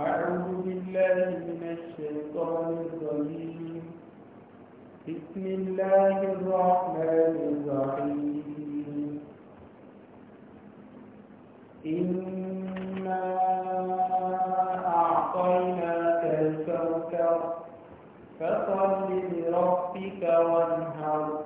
أعوذ بالله من الشيطان الرجيم بسم الله الرحمن الرحيم إنا أعطيناك الكوكب فصل لربك وانهر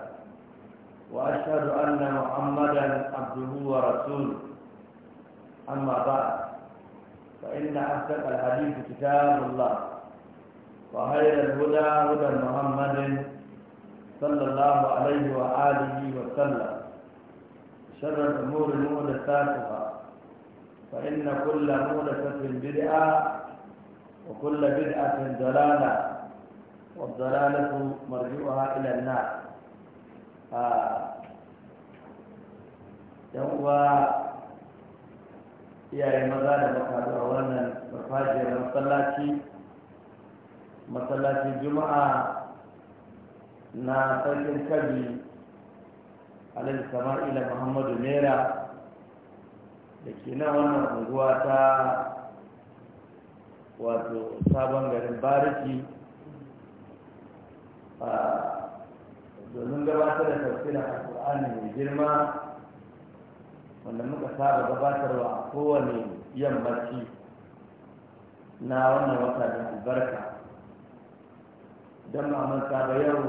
وأشهد أن محمدا عبده ورسوله أما بعد فإن أحسن الحديث كتاب الله وخير الهدى هدى محمد صلى الله عليه وآله وسلم شر الأمور محدثاتها فإن كل محدثة بدعة وكل بدعة ضلالة والضلالة مرجوعها إلى النار yan uwa iyayen maza da maka a wannan farfajiyar masallaci masallacin juma'a na sarkin kabi alhaji sama'ila muhammadu naira da ke nan wannan unguwa ta wato sabon garin bariki domin gabatar da tafsirin alkur'ani mai girma wanda muka saba gabatarwa a kowane yammaci na wannan wata da albarka don ma'amun saba yau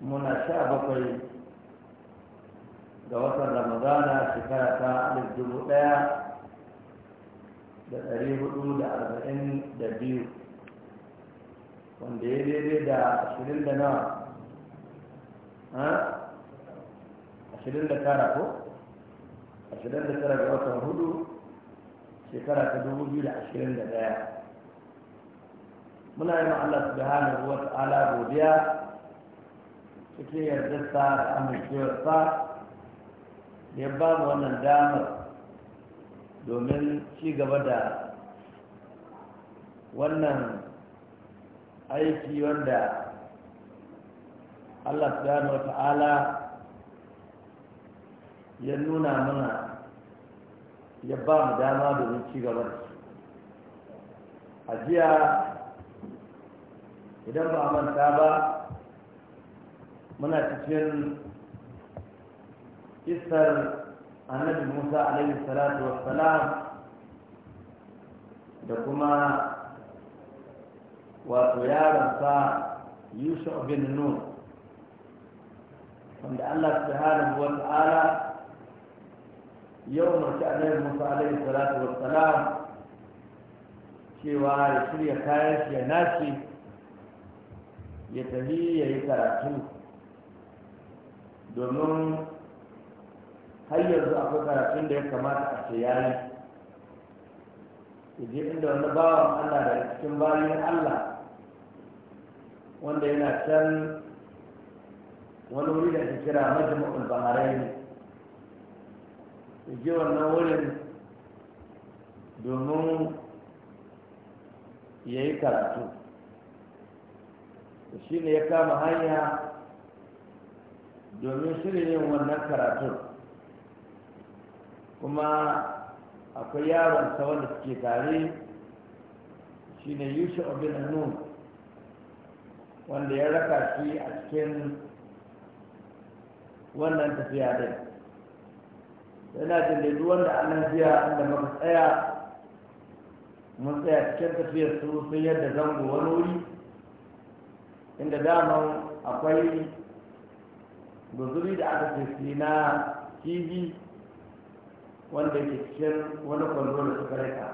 muna sha bakwai ga watan ramadana shekara ta alif dubu daya da ɗari hudu da arba'in da biyu wanda ya daidai da ashirin da nawa ashirin da tara ko ashirin da tara ga watan hudu shekara ta dubu biyu da ashirin da daya muna yi Allah subhanahu wa ta'ala godiya cikin yardarsa da amincewarsa da ya ba mu wannan damar domin ci gaba da wannan aiki wanda Allah subhanahu wata'ala ya nuna mana ya ba mu dama domin ci gaba da shi, a jiya idan ba a manta ba muna cikin kisar annabi musa alaihi salatu wassalam da kuma wato yaransa yusuf bin nun wanda allah hana wa ta'ala yau mace annabi musa alaihi salatu wa salam cewa ya shirya kayan shi ya nashi, ya tafi ya yi karatu domin har yanzu akwai karatun da ya kamata a ce yayi je inda wani bawan allah daga cikin bayan allah wanda yana can wani wuri da ake kira majmu'ul baharai ne je wannan wurin domin ya yi karatu shi ne ya kama hanya domin shirin yin wannan karatu, kuma akwai yaron wanda suke tare shi ne yushe obin nun wanda ya raka shi a cikin wannan tafiya din yana jin da duk wanda an an inda muka tsaya mun tsaya cikin tafiyar su sun yadda zango wani wuri inda daman akwai guzuri da aka ce na kifi wanda ke cikin wani kwando da suka rika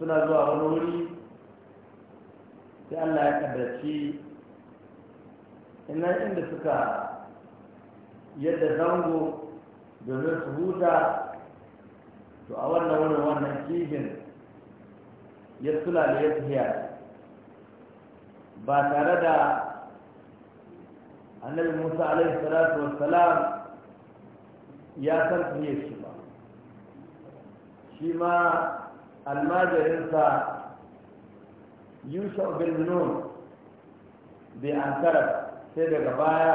suna zuwa wani wuri sai Allah ya kaddaci ina inda suka yadda zango domin su huta to a wannan wurin wannan kifin ya sulale ya tafiya ba tare da annabi musa alaihi salatu wassalam ya san tafiye shi ba shi ma almajirinsa yusha bin nun bai an sai daga baya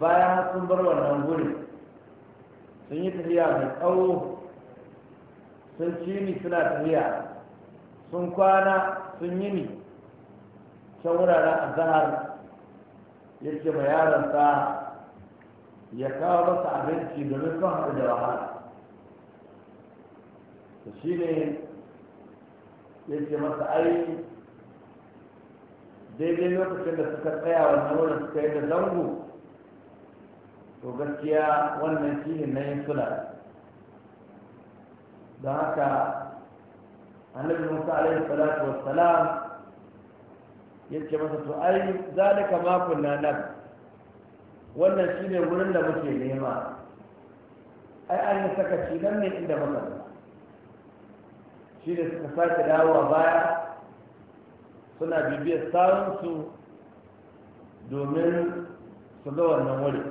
bayan sun bar wannan guri sun yi tafiya mai tsawo sun ci ni suna tafiya sun kwana sun yi ni can wuraren azahar ya ce ma yaronsa ya kawo masa abinci domin kan haɗu da wahala shi ne ya ce masa ai daidai lokacin da suka tsaya wannan wurin suka yi da zango to gaskiya wannan shi ne na yin sula don haka annabi musa alaihi salatu wa ya ce masa to ai zalika makon na nan wannan ne wurin da muke nema ai an yi sakaci nan ne inda muka shi da suka sake dawowa baya suna bibiyar saransu domin su ga wannan wuri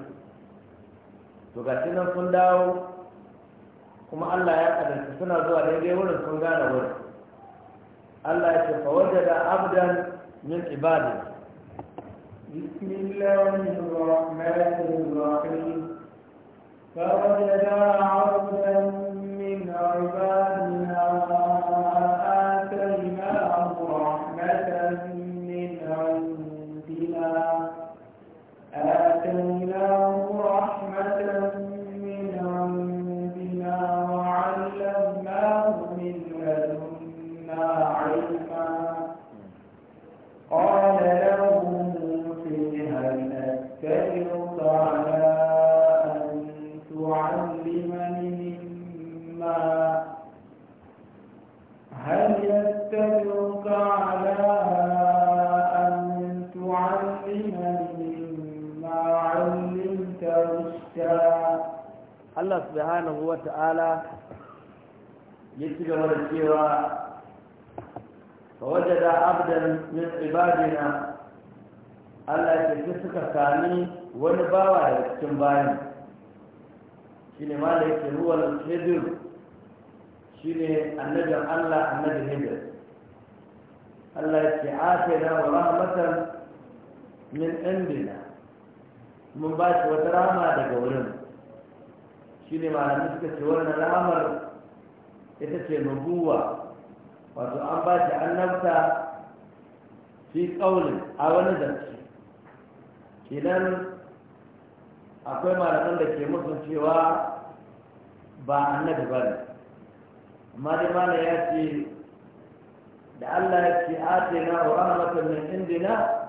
to ga nan sun dawo kuma allah ya kadarci suna zuwa daidai wurin sun gane wurin allah ya ce fawajar da abdan min ibadin بسم الله الرحمن الرحيم فوجد عبدا من عبادنا Allah subhanahu wa ta'ala ya ci gaba da cewa da abdan min ibadina Allah ya ce suka sami wani bawa da cikin bayan shine ma da yake ruwan hidir ne annabin Allah annabin hidir Allah ya ce afina wa rahmatan min indina mun ba shi wata rama daga wurin shi ne malami suka ce wannan lamar ita ce nubuwa wato an ba shi annabta fi ƙaunin a wani zance kenan akwai malaman da ke musu cewa ba annabi ba ne amma dai mana ya ce da allah ya ce na wa mata min indina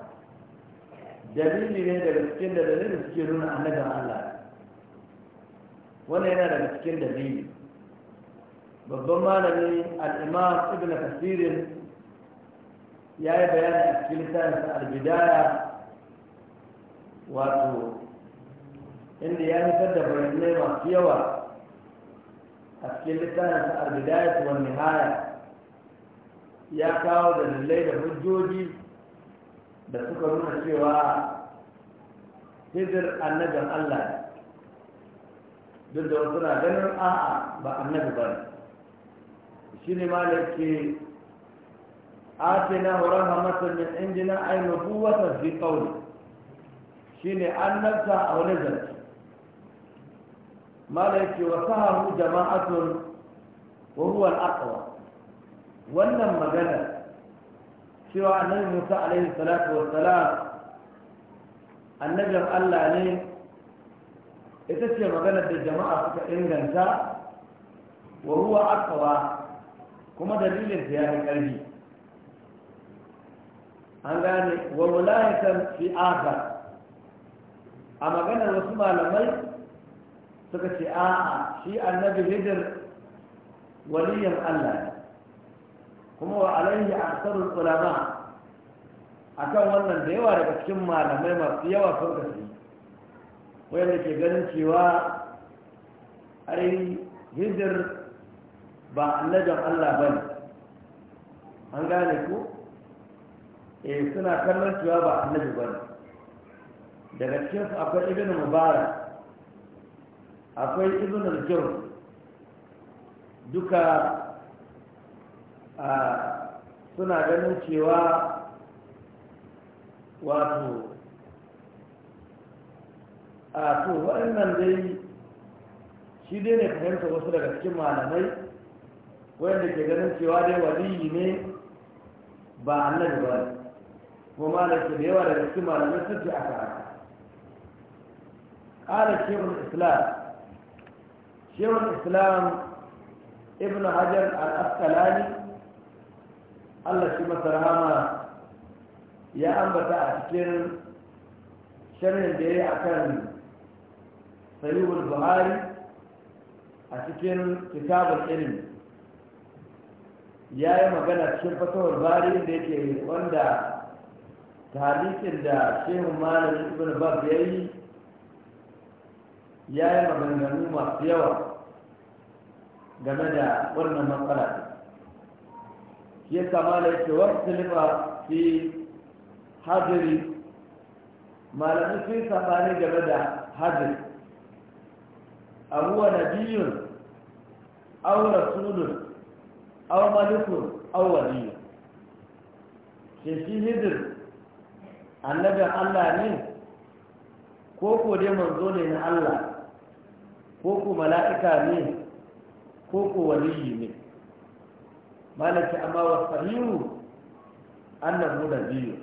dalili ne daga cikin da dalilin suke nuna annabin allah wannan yana daga cikin dalili babban malami al'imam ibn kasirin ya yi bayani a cikin littafinsa albidaya wato inda ya fitar da bayanai masu yawa a cikin littafinsa albidaya wa nihaya ya kawo dalilai da hujjoji da suka nuna cewa hijir annabin allah duk da wasu na ganin a'a ba annabi ba shi ne malaki atina rahmatan min indina ay nubuwatan fi qawli shine annabta a wani zance malaki wasu sahahu jama'atun wa huwa al-aqwa wannan magana cewa annabi Musa alaihi salatu wa salam annabin Allah ne ita ce maganar da jama'a suka inganta wa ruwa akawa kuma dalilin ta ya fi ƙarfi an gane wa wulayatar fi aka a maganar wasu malamai suka ce a'a shi annabi hidir waliyan allah kuma wa alaihi aksarul ulama akan wannan da yawa daga cikin malamai masu yawa sun kasance wanda ke ganin cewa ai hijir ba annabin Allah ba ne an gane ku e suna kallon cewa ba annabi ba ne daga cikinsu akwai ibn mubarak akwai ibn al-jur duka ah, suna ganin cewa wato a to waɗannan dai shi dai ne fahimta wasu daga cikin malamai wanda ke ganin cewa dai waliyi ne ba annabi ba ne kuma malamai da yawa daga cikin malamai sun ce a karatu ƙara shehun islam shehun islam ibn hajar al-asqalani allah shi masa rahama ya ambata a cikin sharhin da ya yi a kan sahihul buhari a cikin kitabul ilmi ya yi magana cikin fasahar bari da yake wanda tarihin da shehu malam ibn bab ya yi ya yi maganganu masu yawa game da wannan matsala shi ya kama da yake wasu lifa fi hadiri malamai sun sabani game da hadiri أهو نبي أو رسول أو ملك أو ولي shi hidir annabin Allah ne ko ko dai manzo ne na Allah ko ko mala'ika ne ko ko waliyi ne malaki amma wa sahihu annabu da biyu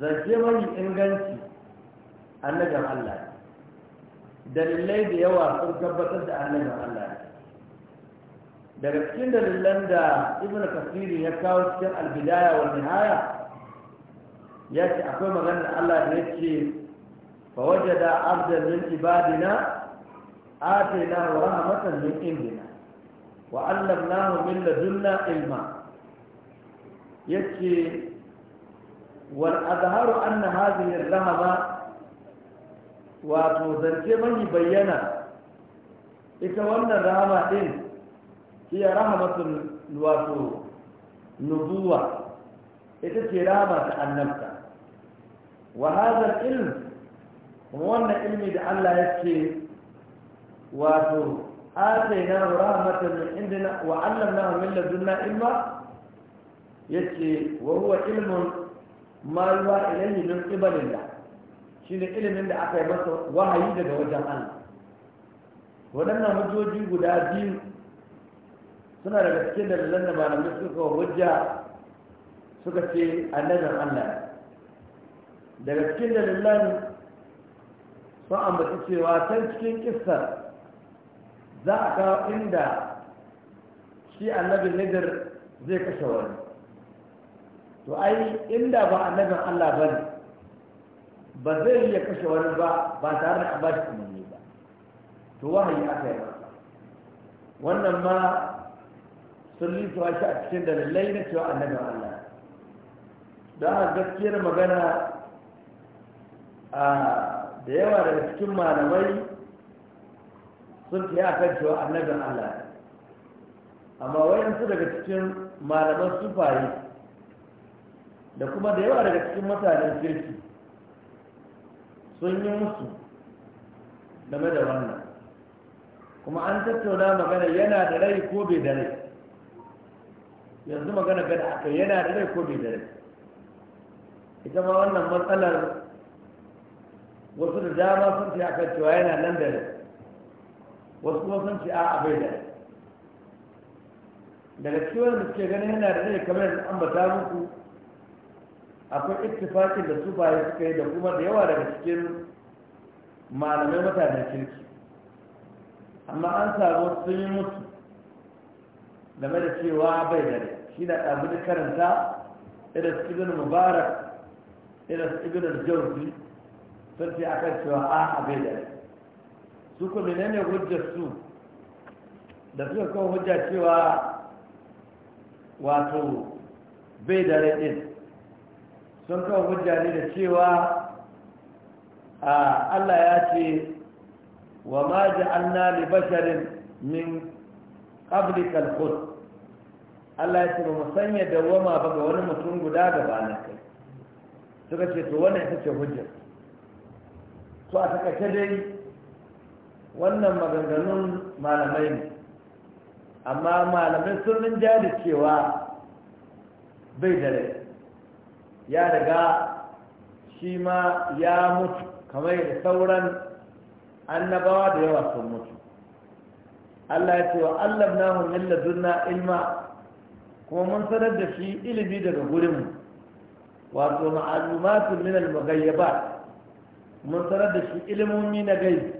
zance mai inganci annabin Allah dalilai da yawa sun tabbatar da annabin Allah daga cikin dalilan da ibn kasiri ya kawo cikin albidaya wa nihaya ya ce akwai maganar Allah da ya ce fa wajada abdan min ibadina atainahu rahmatan min indina wa 'allamnahu min ladunna ilma yace wal azharu anna hadhihi ar-rahma wato zance mani bayyana ita wannan rahama din ya rahamatul wato nubuwa ita ce rahama ta annabta wa hadha ilm kuma wannan ilmi da Allah ya ce wato atayna rahmatan min indina wa 'allamnahu min ladunna ilma yace wa huwa ilmun ma yuha ilayhi min qibalillah shine ilimin da aka yi masa wahayi daga wajen Allah waɗannan hujjoji guda biyu suna daga cikin dalilan da malamai suka hujja suka ce annabin Allah daga cikin dalilan sun ambaci cewa can cikin kissar za a kawo inda shi annabin nigar zai kashe wani to ai inda ba annabin Allah ba ne ba zai iya kashe wani ba ba tare da ba shi umarni ba to wahayi aka yi wannan ma sun lisuwa shi a cikin dalilai na cewa annabin Allah don a gaskiyar magana a da yawa daga cikin malamai sun fiye a kan cewa annabin Allah amma wayansu daga cikin malaman sufaye da kuma da yawa daga cikin mutanen kirki sun yi musu game da wannan kuma an tattauna magana yana da rai ko bai da rai yanzu magana gada aka yana da rai ko bai da rai ita ma wannan matsalar wasu da dama sun ce aka cewa yana nan da rai wasu kuma sun ce a abai da rai daga cewar da suke ganin yana da rai kamar ta muku akwai ittifakin da sufaye suka yi da kuma da yawa daga cikin malamai mutanen kirki amma an samu sun yi mutu game da cewa bai dare shi da ɗabi karanta irin ibn mubarak irin ibn jauzi sun ce kan cewa ah, a bai dare su kuma ne hujjar su da suka kawo hujja cewa wato bai dare ɗin sun kawo hujja da cewa a Allah ya ce wa ma ja'alna li basharin min qablika al Allah ya ce ba mu sanya dawama ba ga wani mutum guda gabanin kai suka ce to wannan ita ce hujjar to a takaice dai wannan maganganun malamai ne amma malamai sun rinja da cewa bai da rai ya riga shi ma ya mutu kamar da sauran annabawa da yawa sun mutu Allah ya ce wa Allah na hunin ladunna ilma kuma mun sanar da shi ilimi daga gurinmu wato ma'alumatun min al mun sanar da shi ilimomi na gai.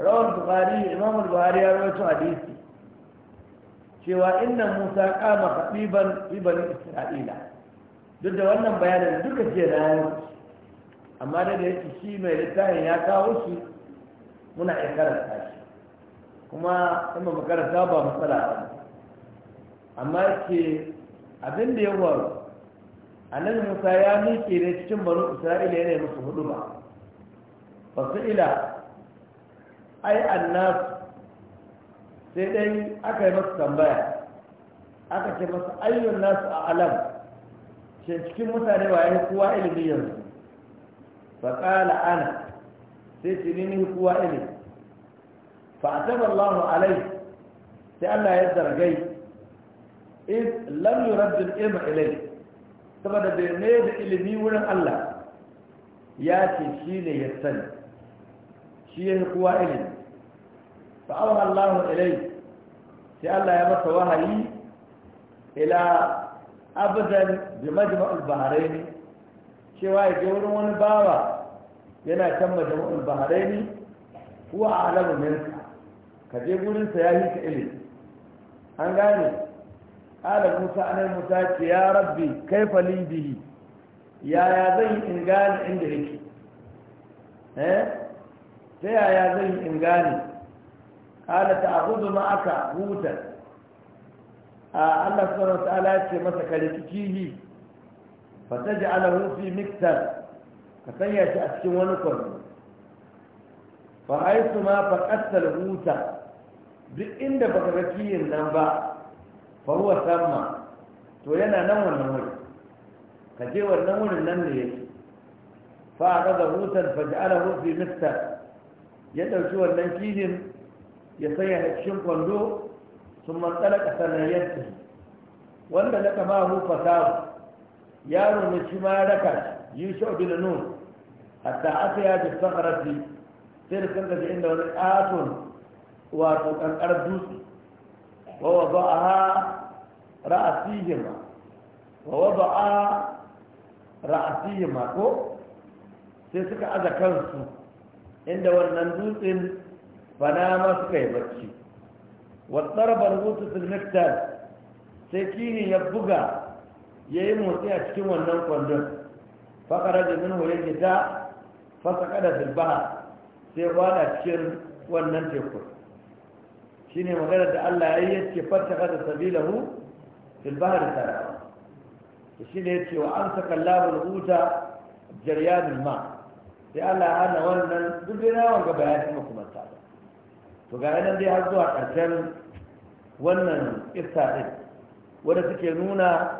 rawar buhari imam buhari ya rawaito hadisi cewa inna musa kama khatiban ibn isra'ila duk da wannan bayanin duka jiya na yi amma da da yake shi mai littafin ya kawo shi muna iya karanta shi kuma in ba makaranta ba matsala ba amma ke abin da ya A annabi musa ya miƙe ne cikin baro isra'ila yana musu hudu ba ba su ila ai annas sai dai aka yi masu tambaya aka ce masu ayyun nasu a alam ce cikin mutane wa yi kowa ilimi yanzu faƙala ana sai ce ni ni kowa ilimi fa ataba Allah alai sai Allah ya zargai in lam yurad al ilma ilai saboda bai ne da ilimi wurin Allah ya ce shi ne ya sani shi ya kowa ilimi fa awha Allah ilai sai Allah ya masa wahayi ila abdan bi al-bahrain cewa ya je wurin wani bawa yana can al-bahrain huwa a'lamu minka ka je gurin sa yahi ka ilimi an gane ala musa anai musa ce ya rabbi kaifa li bihi ya zan in gane inda yake eh ta yaya zan in gane ala ta'khudhu ma'aka hutan Allah subhanahu wa ta'ala ce masa ka rikici fata ji ala rufi miktar ka sanya shi a cikin wani kwanu fa haisu ma fa kastar huta duk inda baka ga kiyin nan ba fa huwa samma to yana nan wannan wuri ka je wannan wurin nan ne yake fa a akaza hutan fa ja'alahu fi mistar ya ɗauki wannan kiyin ya sanya cikin kwando sun ƙasar na kasar wanda na kama hu fasahu yaro ne shi ma ya raka yusuf da nun hatta aka yaji ji sakarati sai da sun gaji inda wani ƙaton wato ƙanƙar dutse wa ba a ha ma wa ba a ma ko sai suka aza kansu inda wannan dutsen bana suka yi bacci wa tsarbar rutu sun sai kini ya buga ya yi motsi a cikin wannan kwandon faƙarar da min hoyar gida fasa kada silbaha sai wada cikin wannan teku shi ne maganar da allah ya yi ya ce fata kada mu silbaha da tarawa shi ne ya ce wa an saka labar huta jaryanin ma sai allah ya hana wannan duk dai na wanga bayanin makamanta to ga yanar dai har zuwa ƙarshen wannan ƙista ɗin wadda suke nuna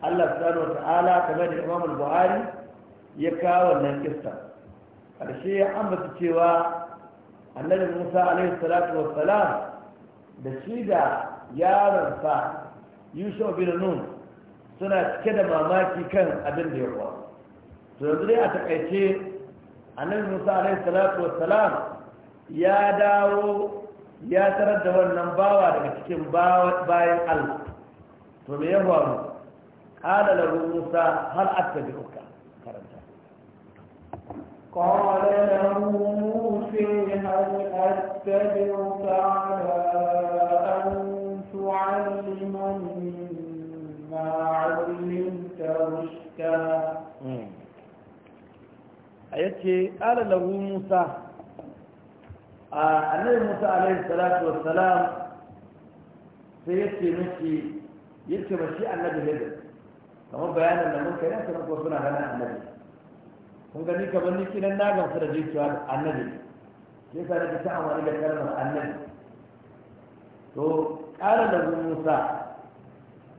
Allah subhanahu wata'ala kamar da Imam al-Buhari ya kawo wannan kissa karshe ya ambata cewa Annabi Musa alaihi salatu wassalam da shi da yaronsa Yusuf bin Nun suna cike da mamaki kan abin da ya faru to yanzu dai a takaice annabi musa alaihi salatu wassalam ya dawo ya tarar da wannan bawa daga cikin bayan allah to me ya faru قال له موسى هل أتبعك كرمتا قال له موسى هل أتبعك على أن تعلمني مما علمت رشدا ayace ala lahu musa a annabi musa alaihi salatu wassalam sai yace miki yace ba shi annabi hidda kamar bayanin da mun kai yanka ko suna ganin annabi kun gani kamar ni kinan na gamsu da jikiya annabi sai sa nake ta amfani da kalmar annabi to ƙara da Musa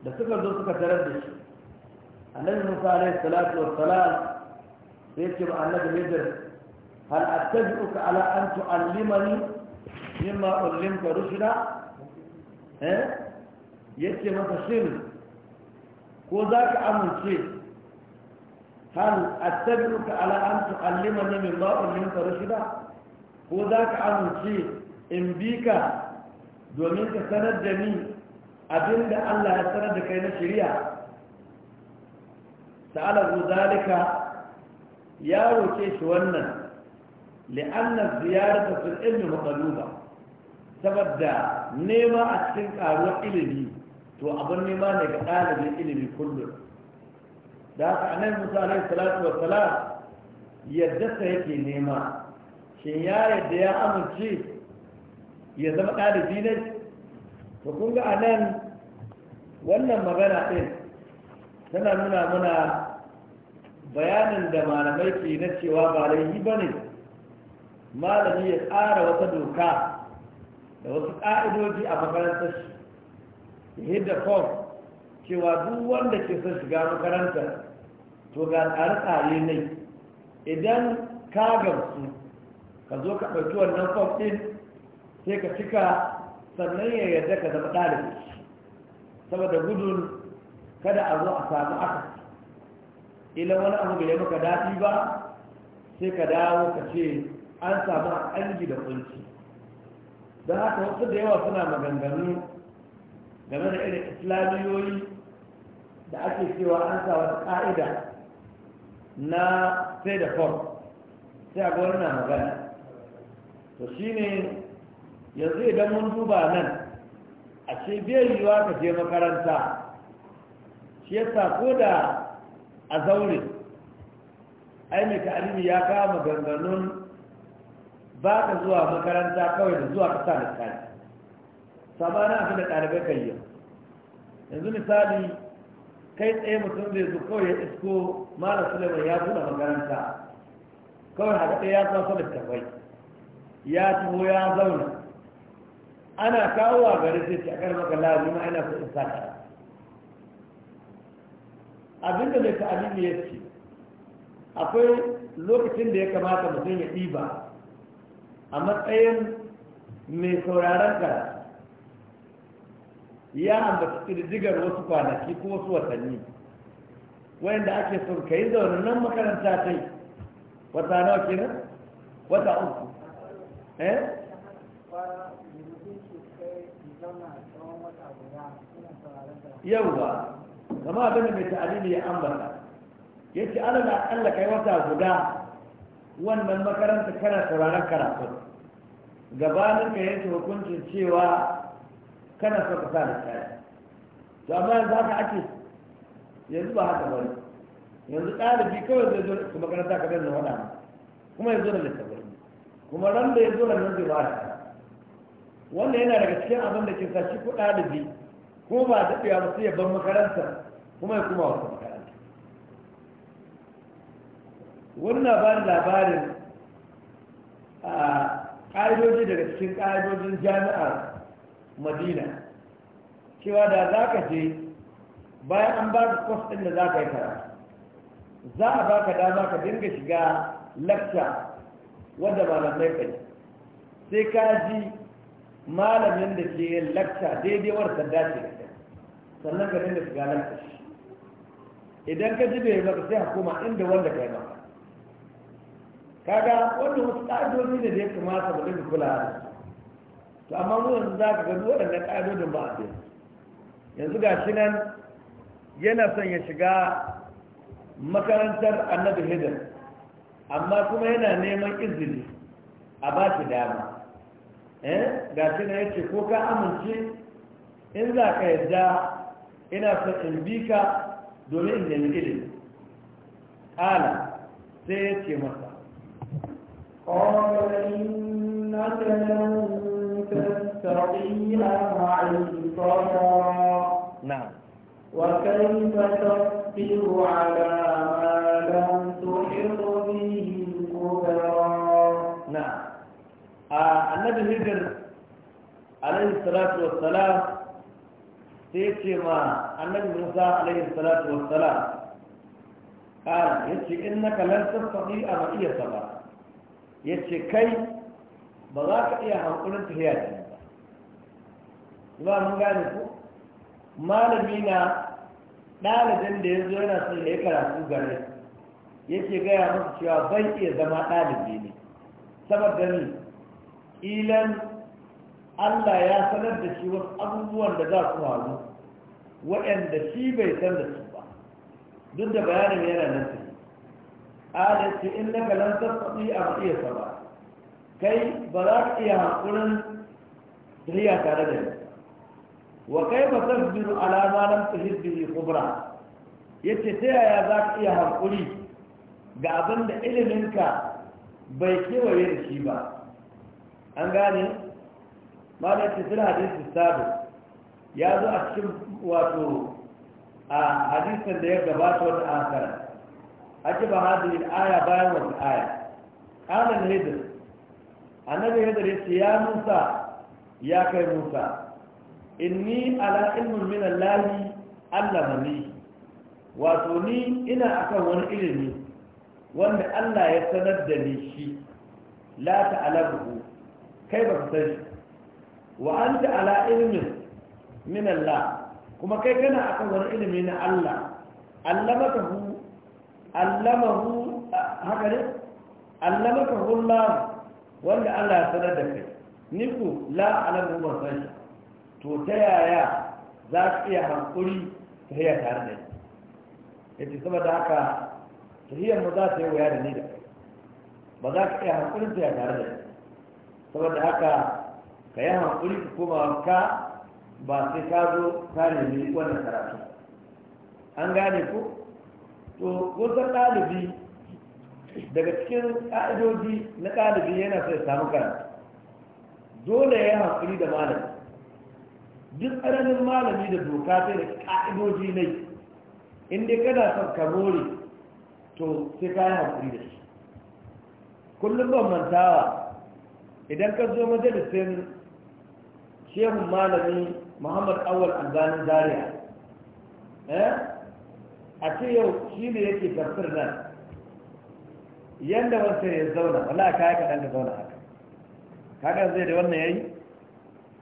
da suka zo suka tarar da shi annabi Musa alaihi salatu wassalam sai ya ce ba annabi Khidir hal attabi'uka ala an tu'allimani mimma ullimta rushda eh yace masa shirin ko za ka amince hal attabi'uka ala an min mimma ullimta rashida ko za ka amince in bi ka domin ka sanar da ni da Allah ya sanar da kai na shari'a ta'ala zalika ya roke shi wannan li'anna ziyarata fil ilmi maqluba saboda nema a cikin karuwar ilimi to abin nema ne ga ɗalibin ilimi kullum da haka nan musa alaihi salatu wa salam yadda sa yake nema shin ya yadda ya amince ya zama ɗalibi ne to kun ga anan wannan magana ɗin tana nuna mana bayanin da malamai ke na cewa ba laifi ba ne malami ya tsara wata doka da wasu ƙa'idoji a makarantar shi hidda form cewa duk wanda ke son shiga makaranta to ga tsare-tsare ne idan ka gamsu ka zo ka ɗauki wannan form ɗin sai ka cika sannan ya yarda ka zama ɗalibi saboda gudun kada a zo a samu aka ila wani abu bai maka daɗi ba sai ka dawo ka ce an samu an da kunci don haka wasu da yawa suna maganganu game da irin islamiyoyi da ake cewa an sa wata ƙa'ida na sai da form sai a na magana to shine yanzu idan mun duba nan a ce biyar yiwa ka je makaranta shi yasa ko da a zaure ai mai ta'alimi ya kama ganganun ba ka zuwa makaranta kawai da zuwa kasa da kai sabana fi da ɗalibai kayyar yanzu misali kai tsaye mutum zai zo kawai ya isko mara suleiman ya zuna makaranta kawai haka ɗaya ya da littafai ya tuho ya zauna ana kawo a gari sai a kan maka lafi ma ina so in abinda mai ta ne ya ce akwai lokacin da ya kamata mutum ya ɗiba a matsayin mai sauraron karatu ya ambaci ƙirjigar wasu kwanaki ko wasu watanni wayanda ake son ka yi zaune nan makaranta ta yi wata nawa kenan wata uku eh? yau ba zama abin da mai ta'alili ya ambata ya ce ala da akalla kai wata guda wannan makaranta kana sauraron karatu gabanin ka yanke hukuncin cewa kana so ka sa littafi to amma yanzu haka ake yanzu ba haka bane yanzu ɗalibi kawai zai zo su makaranta ka zai wada kuma ya zo da littafi kuma ran da ya zo da nan zai ba da wanda yana daga cikin abin da ke sa shi ko ɗalibi ko ba daɗewa ba sai ya bar makaranta kuma ya kuma wata makaranta wannan ba labarin a ƙa'idoji daga cikin ƙa'idojin jami'ar madina cewa da za ka je bayan an ba ka kwas ɗin da za ka yi karatu za a ba ka dama ka dinga shiga lakta wadda malamai ka yi sai ka ji malamin da ke yin lakta daidai wadda dace da kai sannan ka dinga shiga lakta shi idan ka ji bai maka sai hukuma inda wanda ka yi maka kaga wanda wasu ƙa'idoji ne da ya kamata mu dinga kula da su to amma mu yanzu za ka gani waɗannan ƙa'idodin ba a biya yanzu ga shi nan yana son ya shiga makarantar annabi hidden amma kuma yana neman izini a ba shi dama eh ga shi nan yace ko ka amince in za ka yarda ina son in bi ka domin in nemi ilimi ƙala sai ya ce masa قال إنك لن المتقين معذرا نعم وكيف تصبر على ما لم تحط به خبرا نعم النبي هجر عليه الصلاة والسلام سيكي ما النبي موسى عليه الصلاة والسلام قال يتشي إنك لن تستطيع معي صبرا يتشي كي بذاك إياها وقلت هياتي ba mun gane ku malami na ɗalibin da ya zo yana son ya karatu gare yake gaya musu cewa ban iya zama ɗalibi ne saboda ni ilan Allah ya sanar da shi wasu abubuwan da za su faru waɗanda shi bai san da su ba duk da bayanin yana nan su adalci in na galan sassaɓi a matsayasa ba kai ba za ka iya haƙurin riya tare da ni wa kaifa tasbiru ala ma lam tahid bihi Ya yace ta yaya za ka iya hankuri ga abin da iliminka bai kewaye da shi ba an gane malar cikin hadisun sabu ya zo a cikin wato a hadisun da ya gabata wata akara ake ba aya bayan wata aya ƙanan hidin annabi hidin ya ce ya musa ya kai musa inni ala ilmin min Allah allamani wato ni ina akan wani ilimi wanda Allah ya sanar da ni shi la ta'lamu kai ba san shi wa anta ala ilmin min Allah kuma kai kana akan wani ilimi na Allah allamakahu allamahu haka ne allamakahu Allah wanda Allah ya sanar da kai ni ku la alamu ba san shi to ta yaya za su iya hankuri ta hiyar tare da ni ya ce saboda haka ta hiyar mu za ta yi wuya da ni da ba za ka iya hankulin ta tare da ni saboda haka ka yi hankuri ka koma ka ba sai ka zo ka nemi wannan karatu an gane ku. to wutar ɗalibi daga cikin ƙa'idoji na ɗalibi yana sai samu karatu dole ya yi hankuri da malami duk ƙaramin malami da doka sai da ƙa'idoji ne in dai kana son ka more to sai ka yi haƙuri da shi kullum ban mantawa idan ka zo majalisin shehun malami muhammad awal albani zaria eh, a ce yau shi ne yake tafsir nan yadda wasa ya zauna wala ka yi kaɗan da zauna haka kaga zai da wannan yayi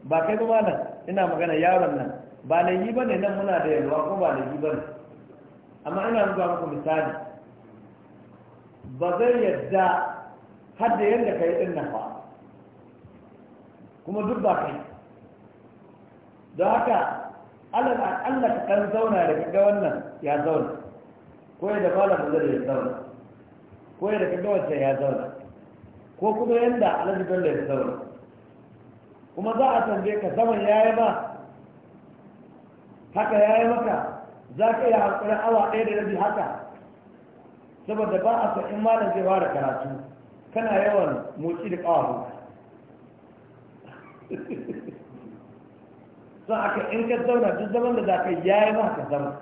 ba kai ba malam ina magana yaron nan ba na yi ba ne nan muna da yalwa ko ba na yi ba ne? amma ina zuwa muku misali ba zai yadda har da yadda ka yi ɗin na fa, kuma duk ba kai don haka Allah ka ɗan zauna da kaga wannan ya zauna ko ya da malam da ya zauna ko ya da kaga wancan ya zauna ko kuma yadda alal da ya zauna kuma za a tambaye ka zaman ya yi ba haka ya yi maka za ka yi hankali awa ɗaya da rabi haka saboda ba a san in malam zai fara karatu kana yawan motsi da ƙawahu sun aka in ka zauna duk zaman da za ka ya yi ka zama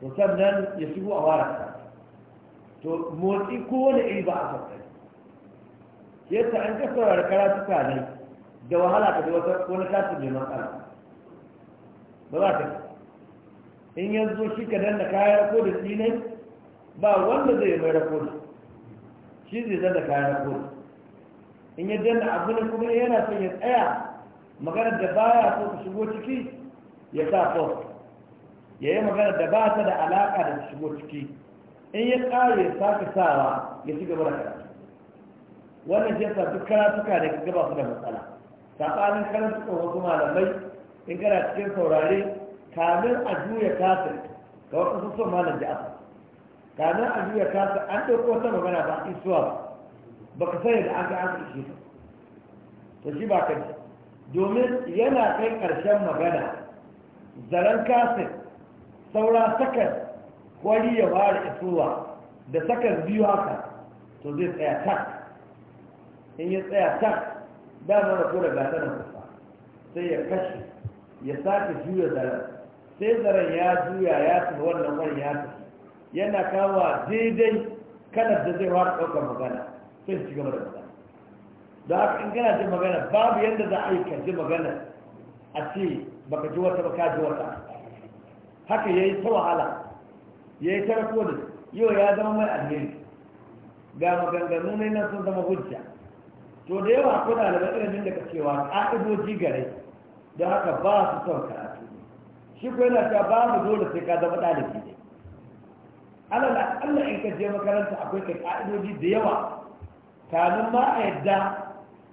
to sannan ya shigo a wara to motsi kowane iri ba a san yadda an ka saurari karatu ka da wahala ka wata ko na tasir mai matsala ba za ka in yanzu shi ka danna kayan ko da tsinai ba wanda zai mai rako shi zai danna kayan rako in ya danna abin kuma yana son ya tsaya magana da baya so ku shigo ciki ya sa so ya yi magana da ba ta da alaka da shigo ciki in ya ƙare ya sake sawa ya shiga gaba da wannan shi yasa duk karatuka da gaba su da matsala tsakanin karanta wasu malamai in kana cikin saurare kamin a juya kasir ga wasu sassan malam aka kamin a juya kasir an ɗauko wata magana ba isuwa ba ba ka sani da an ga an ƙarshe ta to shi ba ka ji domin yana kai ƙarshen magana zaren kasir saura sakan kwari ya fara isuwa da sakan biyu haka to zai tsaya tak in ya tsaya tak dama da kura gata na kusa sai ya kashe ya sake juya zaren sai zaren ya juya ya tafi wannan wani ya tafi yana kawo daidai kanar da zai fara ɗaukar magana sai ci gaba da magana da haka in gana ji magana babu yadda za a yi ka ji magana a ce baka ji wata baka ji wata haka ya yi ta wahala ya yi ta rakodin yau ya zama mai alheri ga maganganu ne na sun zama hujja to da yawa ko da daga da daga cewa ƙa'idoji gare don haka ba su son karatu shi ko yana cewa ba mu dole sai ka zama ɗalibi ne alal Allah in ka je makaranta akwai kai ƙa'idoji da yawa kamin ma a yadda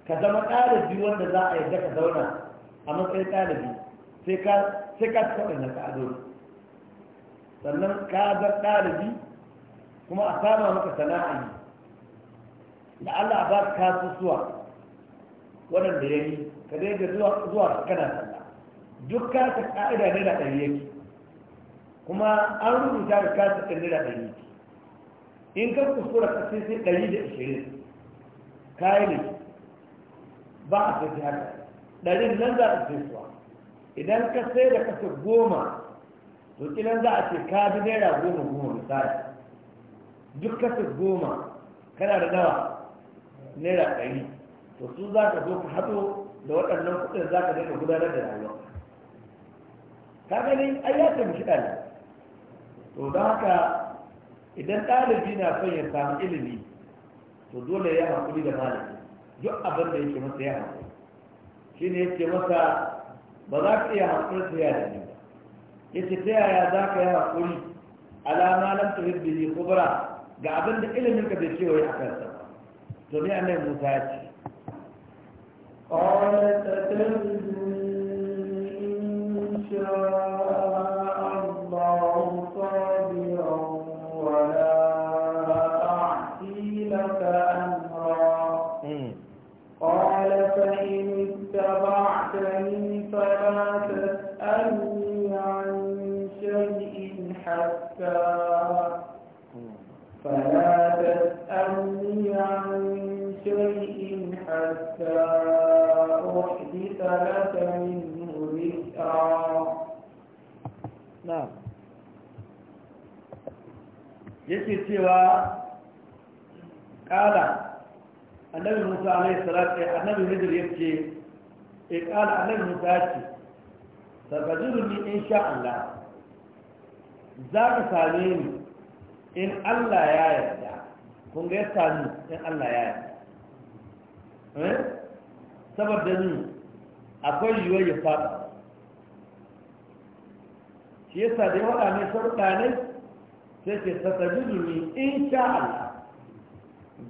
ka zama ɗalibi wanda za a yadda ka zauna a matsayin ɗalibi sai ka sai ka ci na sannan ka zar ɗalibi kuma a samu maka sana'a da Allah ba ka kasusuwa waɗanda ya yi ka dai da zuwa kana sallah duk kasa ka'ida naira ɗari yake kuma an rubuta ka kasa ɗin naira ɗari yake in ka kuskura ka sai sai ɗari da ashirin kayan ne ba a sai haka ɗari nan za a sai suwa idan ka sai da kasa goma to kilan za a ce ka bi naira goma goma misali duk kasa goma kana da nawa naira ɗari to su za ka zo ka haɗo da waɗannan kuɗin za ka daga gudanar da rayuwa ka gani ai ya taimaki ɗalibi to don haka idan ɗalibi na son ya samu ilimi to dole ya haƙuri da malami duk abin da yake masa ya haƙuri shi ne yake masa ba za ka iya haƙuri ta yaya ne ba yake ta yaya za ka yi haƙuri alama lantarki da tuhibbihi kubura ga abin da ilimin ka bai kewaye a kansa domin annabi Musa ce قال ستجدني إن شاء na yake cewa kala annabi musa alaihi salatu annabi hidir yake e eh, kala annabi musa yake sabajiruni insha Allah za ka same ni in Allah ya yarda kun ga ya sami in Allah ya yarda eh? saboda ni akwai yiwuwar ya faɗa shi yasa da dai mai sarƙa ne sai ce jirgin ni in sha Allah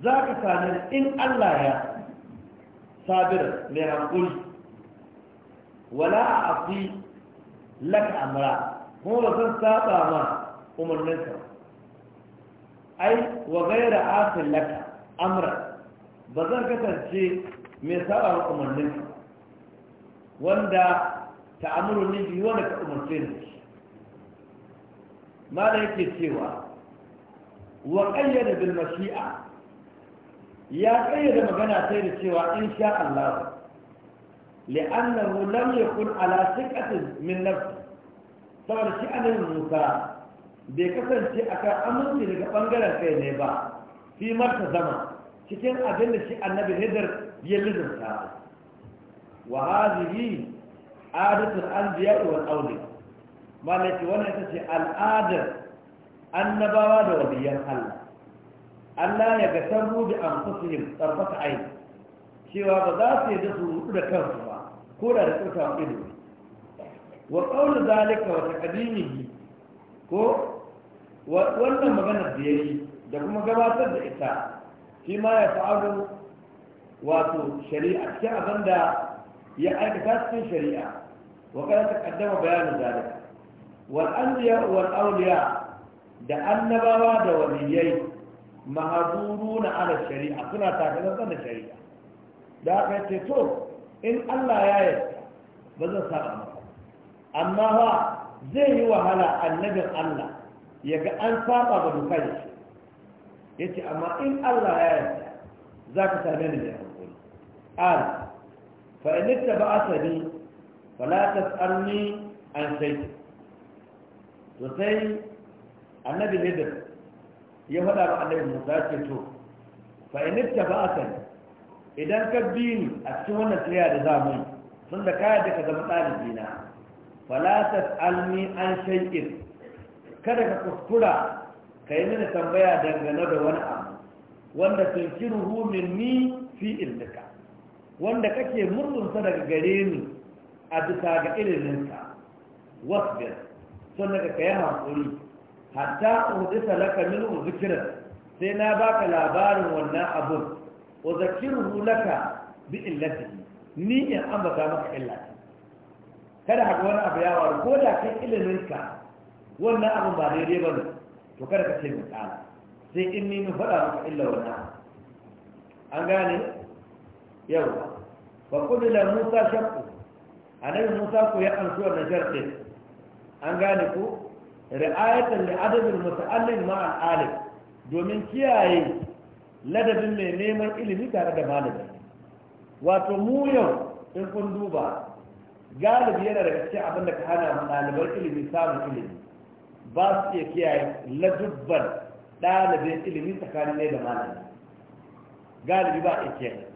za ka sami in Allah ya sabir mai hankuli wala a afi laka amra kuma ba san saba ma umarninsa ai wa gaira afin laka amra ba zan kasance mai saba ma umarninsa wanda ta amuru ne biyu wanda ka umarce ne ما لا يكتوى وقيد بالمشيئة يا قيد مغنى سيد سوى إن شاء الله لأنه لم يكن على ثقة من نفسه saboda shi annabi Musa bai kasance akan aminci daga ɓangaren kai ne ba fi marta zama cikin abin da shi annabi Hidar ya lizinta wa hadhihi adatu al malaki wannan ita ce al'adar annabawa da waliyan Allah Allah ya ga sabu da anfusihim tsarfata aiki cewa ba za su yi da su rudu da kansu ba ko da da tsirka ido wa qawlu zalika wa taqdimihi ko wannan maganar da yayi da kuma gabatar da ita shi ma ya fa'alu wato shari'a cikin abin da ya aikata cikin shari'a wa kada ta kaddama bayanin zalika والأنبياء والأولياء da annabawa da waliyai na ala shari'a suna takalantar da shari'a da aka ce to in Allah ya yarda ba zan sa maka amma ba zai yi wahala annabin Allah ya ga an saba ba doka da Ya ce amma in Allah ya yarda za ka same ni da hankali ala fa in ittaba'atani fala tas'alni an shay'in to sai annabi hidir ya faɗa ba annabi musa ce to fa in idan ka bi ni a cikin wannan tsaya da za mu yi da kaya da ka zama ɗalibi na fala almi an shaikin kada ka kuskura ka yi mini tambaya dangane da wani abu wanda tunkiruhu ni fi ilmika wanda kake murnunsa daga gare ni a bisa ga iliminka wasbir sun daga ka hankuri hatta uhdisa laka min zikirin sai na baka labarin wannan abun wa zakiruhu laka bi illati ni in ambata maka illati kada haka wani abu ya waru ko da kai ka, wannan abun ba daidai ba ne to kada ka ce mu tsala sai in ni min faɗa maka illa wannan an gane yau fa kudila musa shakku annabi musa ko ya amsu wannan sharɗin an gane ko ri'ayatan li adadin muta'allim ma alim domin kiyaye ladabin mai neman ilimi tare da malami wato mu yau in kun duba galibi yana daga cikin abin da ka hana mu ɗaliban ilimi samun ilimi ba su iya kiyaye ladubban ɗalibin ilimi tsakanin ne da malami galibi ba a kiyaye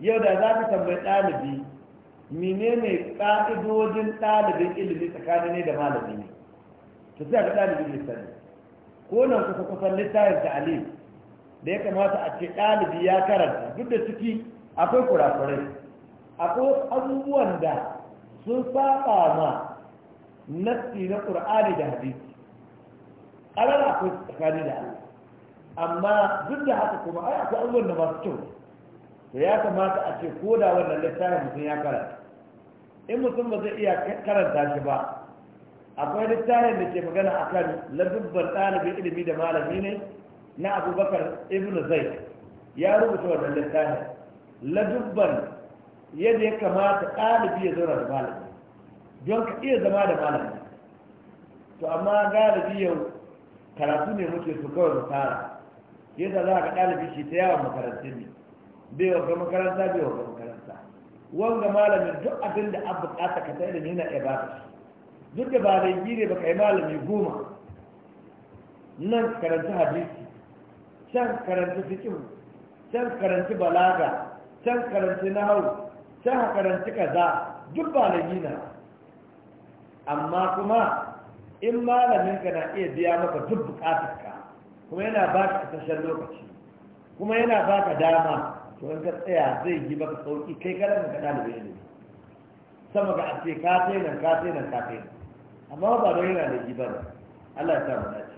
yau da za ka tambayi ɗalibi menene ƙa'idojin ɗalibin ilimi tsakanin ne da malami ne to sai ga ɗalibin lissafi ko nan kusa kusan littafin ta'alim da ya kamata a ce ɗalibi ya karanta duk da ciki akwai kurakurai akwai abubuwan da sun saba ma nassi na ƙur'ani da hadisi ƙarar akwai tsakanin da Allah amma duk da haka kuma ai akwai abubuwan da masu kyau to ya kamata a ce ko da wannan littafin mutum ya karanta in mutum ba zai iya karanta shi ba akwai littafin da ke magana a kan ladubban ɗalibin ilimi da malami ne na abubakar ibn zai ya rubuta wannan littafin ladubban yadda ya kamata ɗalibi ya zauna da malami don ka iya zama da malami to amma galibi yau karatu ne muke su kawai da fara yadda za ka ɗalibi shi ta yawon makarantar ne bai wa makaranta bai wa wanga malamin duk abin da abu bukata ka sai da nuna ibada ba duk da ba da ne ba yi malami goma nan karanta hadisi can karanta fikin can karanta balaga can karanta nahwu can karanta kaza duk ba da gina amma kuma in malamin ka na iya biya maka duk bukatar ka kuma yana baka tashar lokaci kuma yana baka dama to ka tsaya zai yi maka sauki kai da ka da ilimi sama ga ake ka sai nan ka sai nan ka sai nan amma ba don yana da jiba ne Allah ya sa mu dace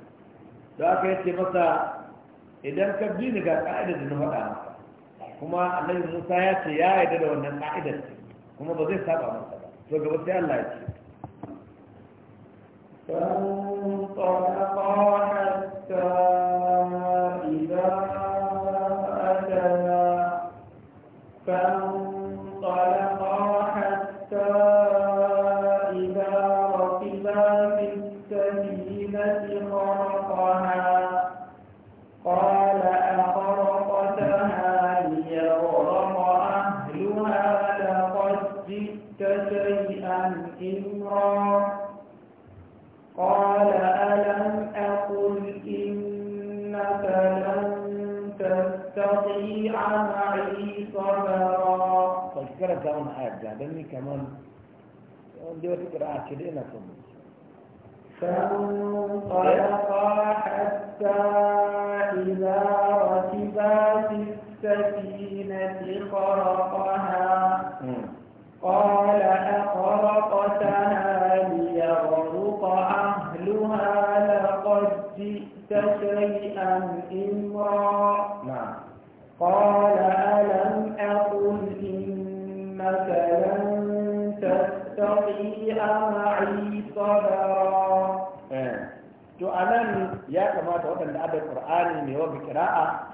to aka yace masa idan ka bi ga kaida da na faɗa kuma Annabi Musa ya ce ya yi da wannan kaida kuma ba zai saba masa ba to gaba sai Allah ya ce فانطلقا حتى نارا فالكرة دون آيات دمي كمان دي وتقرأ كده نفهم إيه فانطلقا حتى إذا ركبا في السفينة خرقها قال أخرقتها ليغرق أهلها لقد جئت شيئا إمرا نعم. قال ألا jami'a eh, sadara to anan ya kamata waɗanda abin qur'ani mai wani kira'a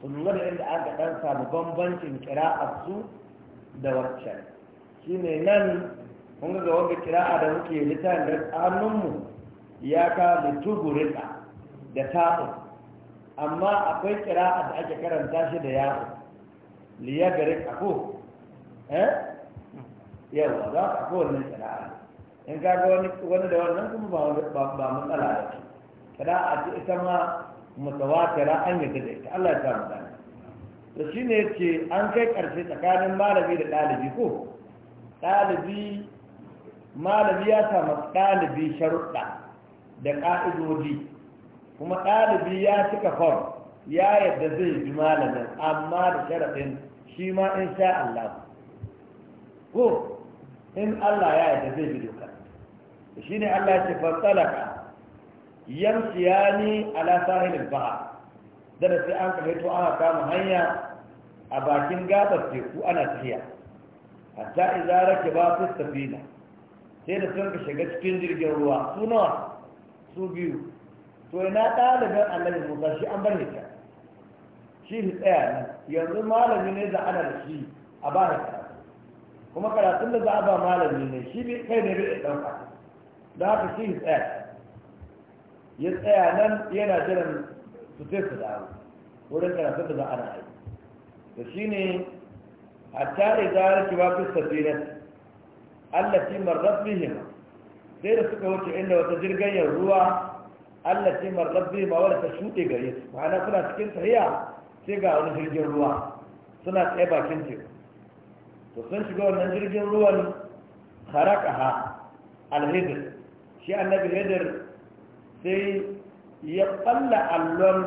su lura da inda aka dan samu bambancin kira'a su da shi ne nan kun ga wani kira'a da muke littafin da hannunmu ya ka litugurika da ta'u amma akwai kira'a da ake karanta shi da yawo liya eh yawa za ka ga wannan sana'a in ka ga wani wani da wannan kuma ba ba matsala ba ce sana'a ce ita ma mutawatira an yi da ita Allah ya sa mu gane to shine yace an kai karshe tsakanin malami da dalibi ko dalibi malami ya samu dalibi sharuɗa da ƙa'idodi kuma ɗalibi ya cika form ya yadda zai bi malamin amma da sharaɗin shi ma in sha Allah ko in Allah ya yarda zai bi doka ne Allah ya ce fasalaka yamsiyani ala sahilil bahr da sai an kafe to aka kama hanya a bakin gabar teku ana tafiya hatta ba su tafi na. sai da sun ka shiga cikin jirgin ruwa su nawa su biyu to ina ɗalibin annabi musa shi an bar ta shi tsaya nan yanzu malami ne da ana da shi a ta. kuma karatun da za a ba malami ne shi kai ne bai ɗauka da haka shi tsaya ya tsaya nan yana jiran su sai su dawo wurin karatun da za a ra'ayi da shi ne a tare da rake ba Allah sabirin allafi marrabbihim sai da suka wuce inda wata jirgin ruwa Allah allafi marrabbihim wadda ta shuɗe gare su ma'ana suna cikin tahiya sai ga wani jirgin ruwa suna tsaye bakin teku to sun shiga wannan jirgin ruwan haraka ha alhidir shi annabi hidir sai ya balla allon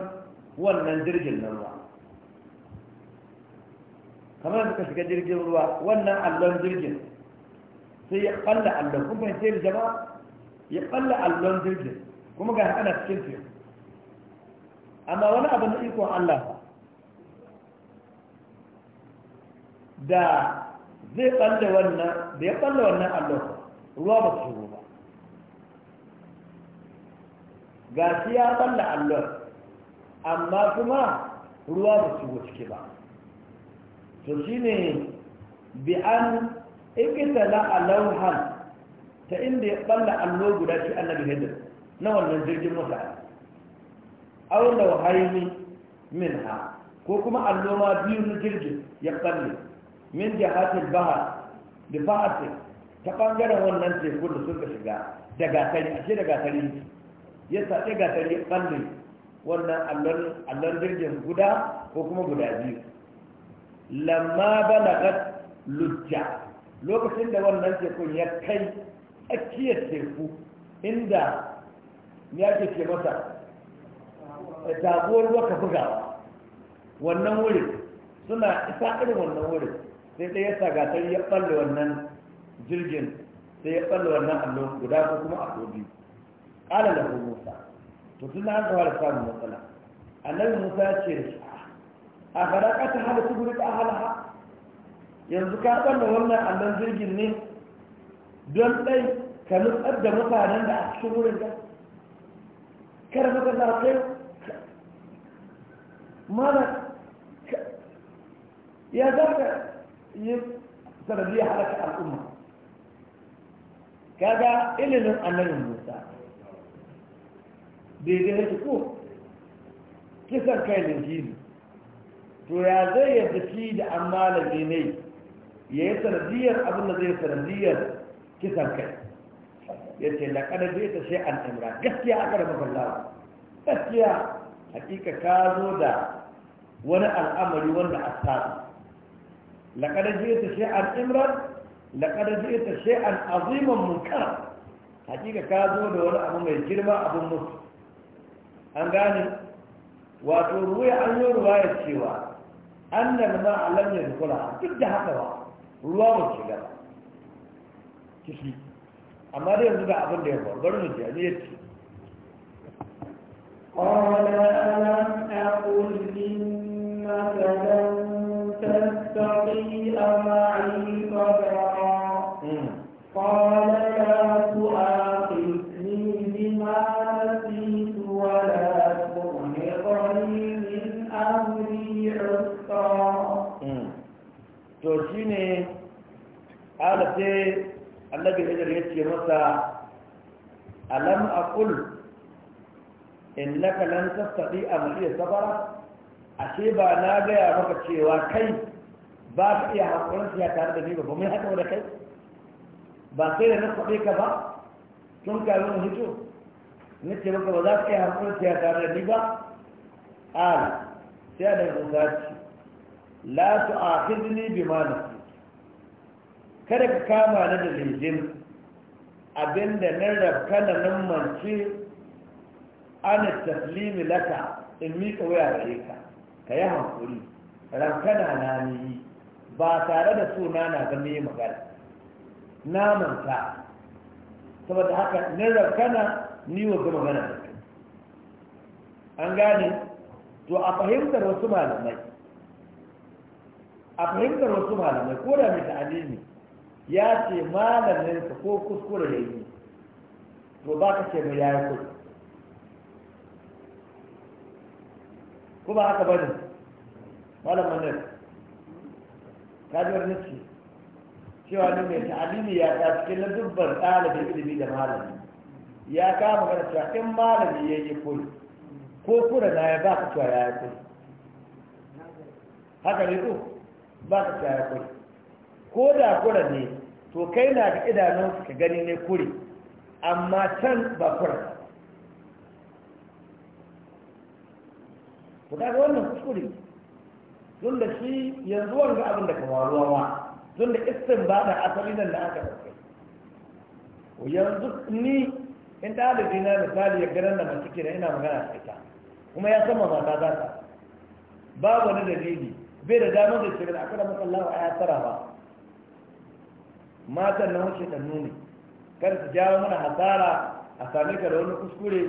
wannan jirgin na ruwa kamar suka shiga jirgin ruwa wannan allon jirgin sai ya balla allon kuma sai da jama'a ya balla allon jirgin kuma ga ana cikin fiye amma wani abu na ikon Allah da zai balle wannan da ya balle wannan allon ruwa ba su shigo ba ga shi ya balle allon amma kuma ruwa ba su shigo ciki ba to shi ne bi an na alauhan ta inda ya balle allo guda shi annabi hidir na wannan jirgin mutane aw min ha ko kuma allo ma biyu na jirgin ya balle min jihatil bahar da ce ta bangaren wannan teku da suka shiga da gatari ashe da gatari ya sace gatari kalli wannan allon jirgin guda ko kuma guda biyu lamma balagat lujja lokacin da wannan tekun ya kai tsakiyar teku inda ya ke ce masa taguwar ruwa ka bugawa wannan wurin suna isa irin wannan wurin sai ɗaya sa gasar ya ɓalle wannan jirgin sai ya ɓalle wannan allo guda ko kuma a biyu ƙala da ko musa to tun an kawar samun matsala annabi musa ya ce da shi ah, a gara ƙasa hada su guri ta halaha yanzu ka ɓalle wannan allon jirgin ne don ɗai ka nutsar da mutanen da a cikin wurin ka kar maka ka kai mana ya zaka yi sanadiyar halaka al'umma kaga ilimin annabin musa daidai yake ko kisan kai da jini to ya zai ya tafi da an malami ne ya yi sanadiyar abin da zai sanadiyar kisan kai ya ce laƙanar zai ta shi an imra gaskiya aka da mafallawa gaskiya hakika ka zo da wani al'amari wanda a sabu لقد جئت شيئا امرا لقد جئت شيئا عظيما منكرا hakika ka zo da wani abu mai girma abin mutu an gane wato ruwa an ruwa ya cewa an da ma alam ya kula da haka ba ruwa amma dai yanzu ga abin da ya faru bari mu ya ce قال ألم أقل إنك لن تستطيع معي صبرا قال لا تؤاخذني بما نسيت ولا ترهقني من أمري عسرا to shi ne ƙala sai annabi hijir ya ce masa alam aqul innaka lan tastati amaliya sabara ce ba na gaya maka cewa kai ba ka iya haƙurin siya tare da ni ba mai haka da kai ba sai da na faɗe ka ba tun kamin hito na ce maka ba za su iya haƙurin siya tare da ni ba ƙari sai da za ci la su a hizini bi ma na kada ka kama ni da lejin abinda na rabka na nan mance ana taslimi laka in miƙa waya da ka ka yi hankuri rankana na yi ba tare da suna na zama yi magana na manta saboda haka ni rankana ni wa da magana an gane to a fahimtar wasu malamai a fahimtar wasu malamai ko da mita alini ya ce malaminsa ko kuskure ya yi to ba ka ce mai ya yi kuskure ko ba haka bane malam manar kajiyar nake cewa ne mai ta'alimi ya ta cikin na dubban ɗalibin ilimi da malami ya kama gana cewa in malami ya yi kuri, ko kura na ya ba ka cewa ya yi koyi haka ne ko ba ka cewa ya koyi ko da kura ne to kai na da idanunka ka gani ne kuri amma can ba kura to ga wannan kuskure don da shi yanzu wanga abin da ka faruwa ma don da istin ba da asali nan da aka ɗauke yanzu ni in ta ɗalibi na misali ya garan da mace kira ina magana da ita kuma ya san mata za ta babu wani dalili bai da damar da shirin akwai da matsalawa a yasara ba matan na wuce da nuni kar su jawo mana hasara a same ka da wani kuskure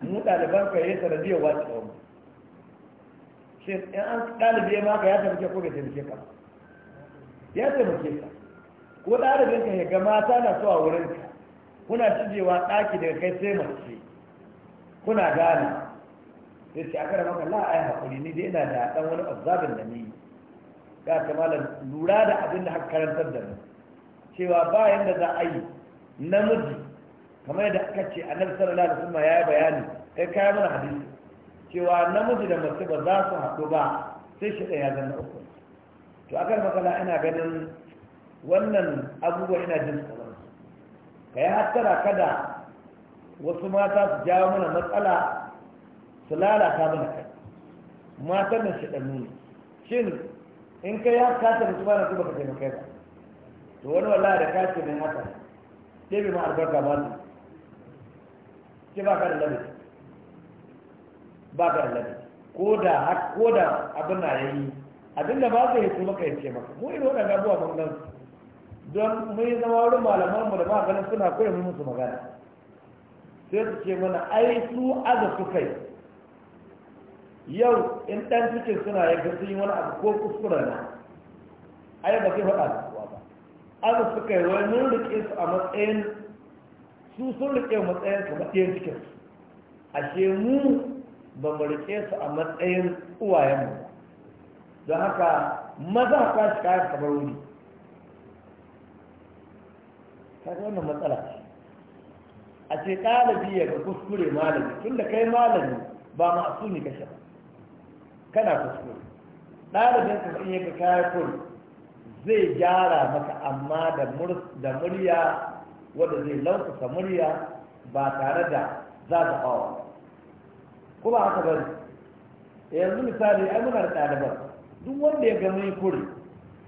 mu ɗaliban ka yi sanadiyar wace ɗaunu shin in an ɗalibi ya maka ya taimake ko bai taimake ka ya taimake ka ko ɗalibin ka ya ga mata na so a wurin ka kuna cijewa ɗaki daga kai sai mace kuna gane sai ce a kada maka la ai haƙuri, ni dai ina da ɗan wani observin da ni ya kamala lura da abin da haka karantar da mu. cewa bayan da za a yi namiji kamar yadda aka ce annabi sallallahu alaihi wasallam ya yi bayani kai kaya mana hadisi cewa namiji da mace ba za su haɗu ba sai shi ɗaya zan na uku to akan matsala ina ganin wannan abubuwa ina jin tsoron ka yi hattara kada wasu mata su jawo mana matsala su lalata mana kai matan nan shi ɗannu ne shin in kai ya kasa da su mana su baka taimakai ba to wani walla da kace mai haka ɗebe ma albarka ba su ce ba ka da ladabi ba da ladabi ko da har ko da abin na yayi abin da ba zai yi kuma ka yace maka mu irin wannan abuwa mun gan don mun yi zama wurin malaman mu da ba ganin suna koyi mu musu magana sai su ce mana ai su aza su kai yau in dan cikin suna ya ga sun yi wani abu ko kuskuren na ai ba kai faɗa su ba aza su kai wai mun rike su a matsayin su sun rike matsayin kamar ɗayan cikin ashe mu ba mu rike su a matsayin uwayenmu ba don haka maza ka shi kayan kamar wuri ga wannan matsala ce a ce ɗalibi ya ga kuskure malami tun da kai malami ba masu ne kashe ba kana kuskure ɗalibin ka in yaga kayan kuri zai gyara maka amma da murya wadda zai laukasa murya ba tare da za ta ba. ko ba haka bane eh, yanzu misali ai muna da ɗaliban duk wanda ya gani mun kuri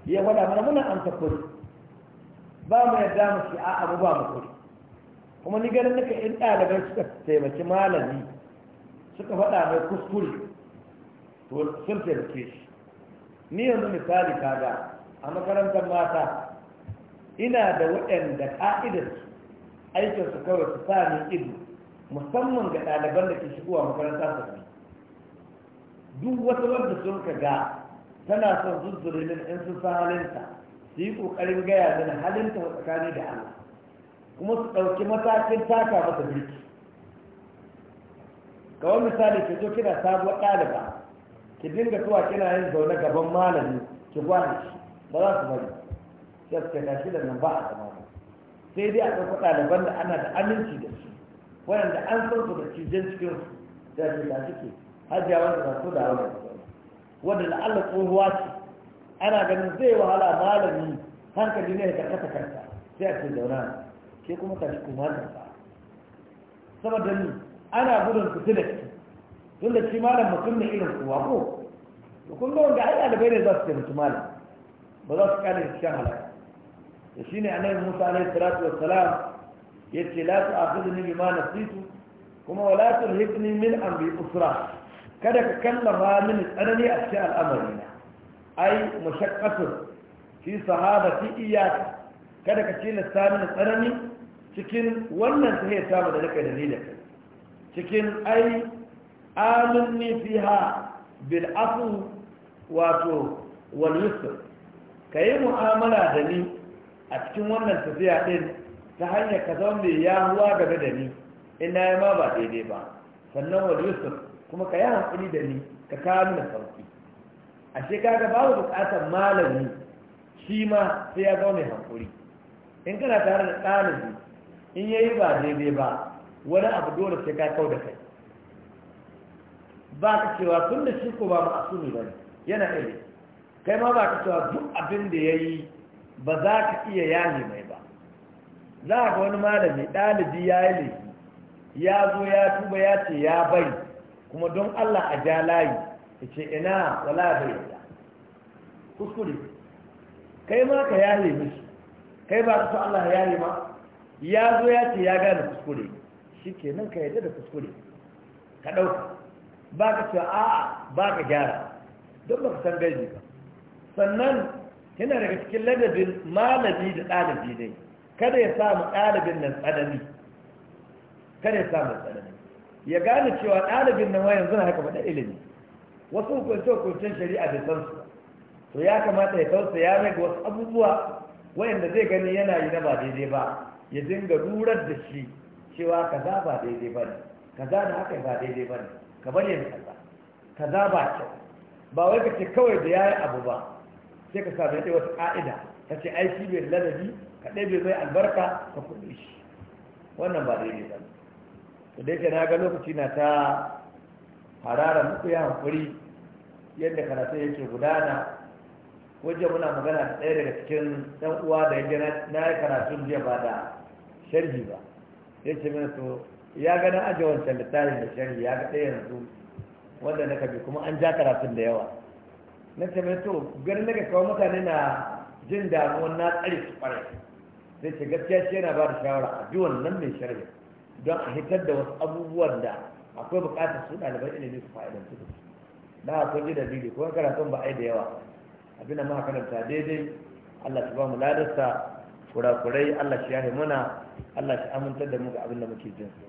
ya faɗa mana muna amsa kuri ba mu yadda mu shi a abu ba mu kuri kuma ni ganin naka in ɗalibai suka taimaki malami suka faɗa mai kuskure to sun taimake shi ni yanzu misali kaga a makarantar mata ina da waɗanda ƙa'idar aikinsu kawai su sa ni ido musamman ga ɗaliban da ke shigowa makaranta su ne duk wata wanda sun ka ga tana son zuzzure min in sun san halinta su yi ƙoƙarin gaya min halinta tsakani da Allah kuma su ɗauki matakin taka mata birki kawai misali ke zo kina sabuwar ɗaliba ki dinga zuwa kina yin zaune gaban malami ki gwada shi ba za su bari sai su kai tashi da nan ba a zama sai dai a ɗauka ɗaliban da ana da aminci da su waɗanda an san su da cijen cikin su da su da suke hajiya wanda na so da wanda wanda la'alla tsohuwa ce ana ganin zai wahala malami hankali ne da kasa kanta sai a ce zauna ke kuma ka shi kuma ta ba saboda ni ana gudun su da tun da shi malam mutum ne irin kuwa ko da kun ga wanda ai ɗalibai ne za su taimaki malam ba za su kare shan halaka da shi ne annabi musa alaihi salatu wassalam yace la ta'khudni ma nasitu kuma wala tulhiqni min amri usra kada ka kallama mini tsanani a cikin al'amari na ai mashaqqatu fi sahabati iyyaka kada ka ce lissa mini tsanani cikin wannan tahiyar samu da nake dalilin cikin ai aminni fiha bil afu wato wal yusr kayi mu'amala da ni a cikin wannan tafiya din ta hanyar ka zama mai yahuwa game da ni in na yi ma ba daidai ba sannan wani yusuf kuma ka yi hankali da ni ka kawo mini sauki A kaga babu bukatar malami shi ma sai ya zama mai hankali in kana tare da ɗalibi in ya yi ba daidai ba wani abu dole sai ka kawo da kai ba ka cewa tun da shi ko ba ma'asumi ba ne yana ɗaya kai ma ba ka cewa duk abin da ya yi ba za ka iya yaye mai ba za a ga wani malami ɗalibi ya yi laifi ya zo ya tuba ya ce ya bari kuma don allah a ja layi ya ce ina wala bai da kuskure kai ma ka laifi su kai ba su allah ya yi ma ya zo ya ce ya gane kuskure shi ke nan ka yadda da kuskure ka ɗauka ba ka ce a'a ba ka gyara don ba ka san gaji ba sannan yana daga cikin ladabin malami da ɗalibi dai kada ya samu ɗalibin nan tsanani kada ya samu tsanani ya gane cewa ɗalibin nan wayan zuna haka faɗa ilimi wasu hukunce hukuncen shari'a da san su to ya kamata ya ya mai ga wasu abubuwa wayanda zai gani yana yi na ba daidai ba ya dinga rurar da shi cewa kaza ba daidai ba ne kaza da haka ba daidai ba ne ka bari yin kaza kaza ba kyau ba wai ka ce kawai da ya yi abu ba sai ka samu yadda wata ka'ida ka ce aiki bai ladabi Kaɗai bai kai albarka ka kuɗi shi wannan ba daidai ba to dai ke na ga lokaci na ta harara muku ya hankuri yadda karatun yake gudana wajen muna magana da ɗaya daga cikin ɗan uwa da yake na yi karatun jiya ba da sharhi ba ya ce mana to ya ga na aje wancan littafin da sharhi ya ga ɗaya yanzu wanda na kabi kuma an ja karatun da yawa na ce mai to ganin daga kawo mutane na jin damuwan na tsari su ƙwarai sai ce gaskiya shi yana ba da shawara a bi wannan mai sharhi don a hitar da wasu abubuwan da akwai bukatar su ɗaliban ilimi su fa'idantu da su da akwai da kuma karatun ba yi da yawa abin da muka karanta daidai Allah shi ba mu ladarsa kurakurai Allah shi ya muna Allah shi amintar da mu ga abin da muke jin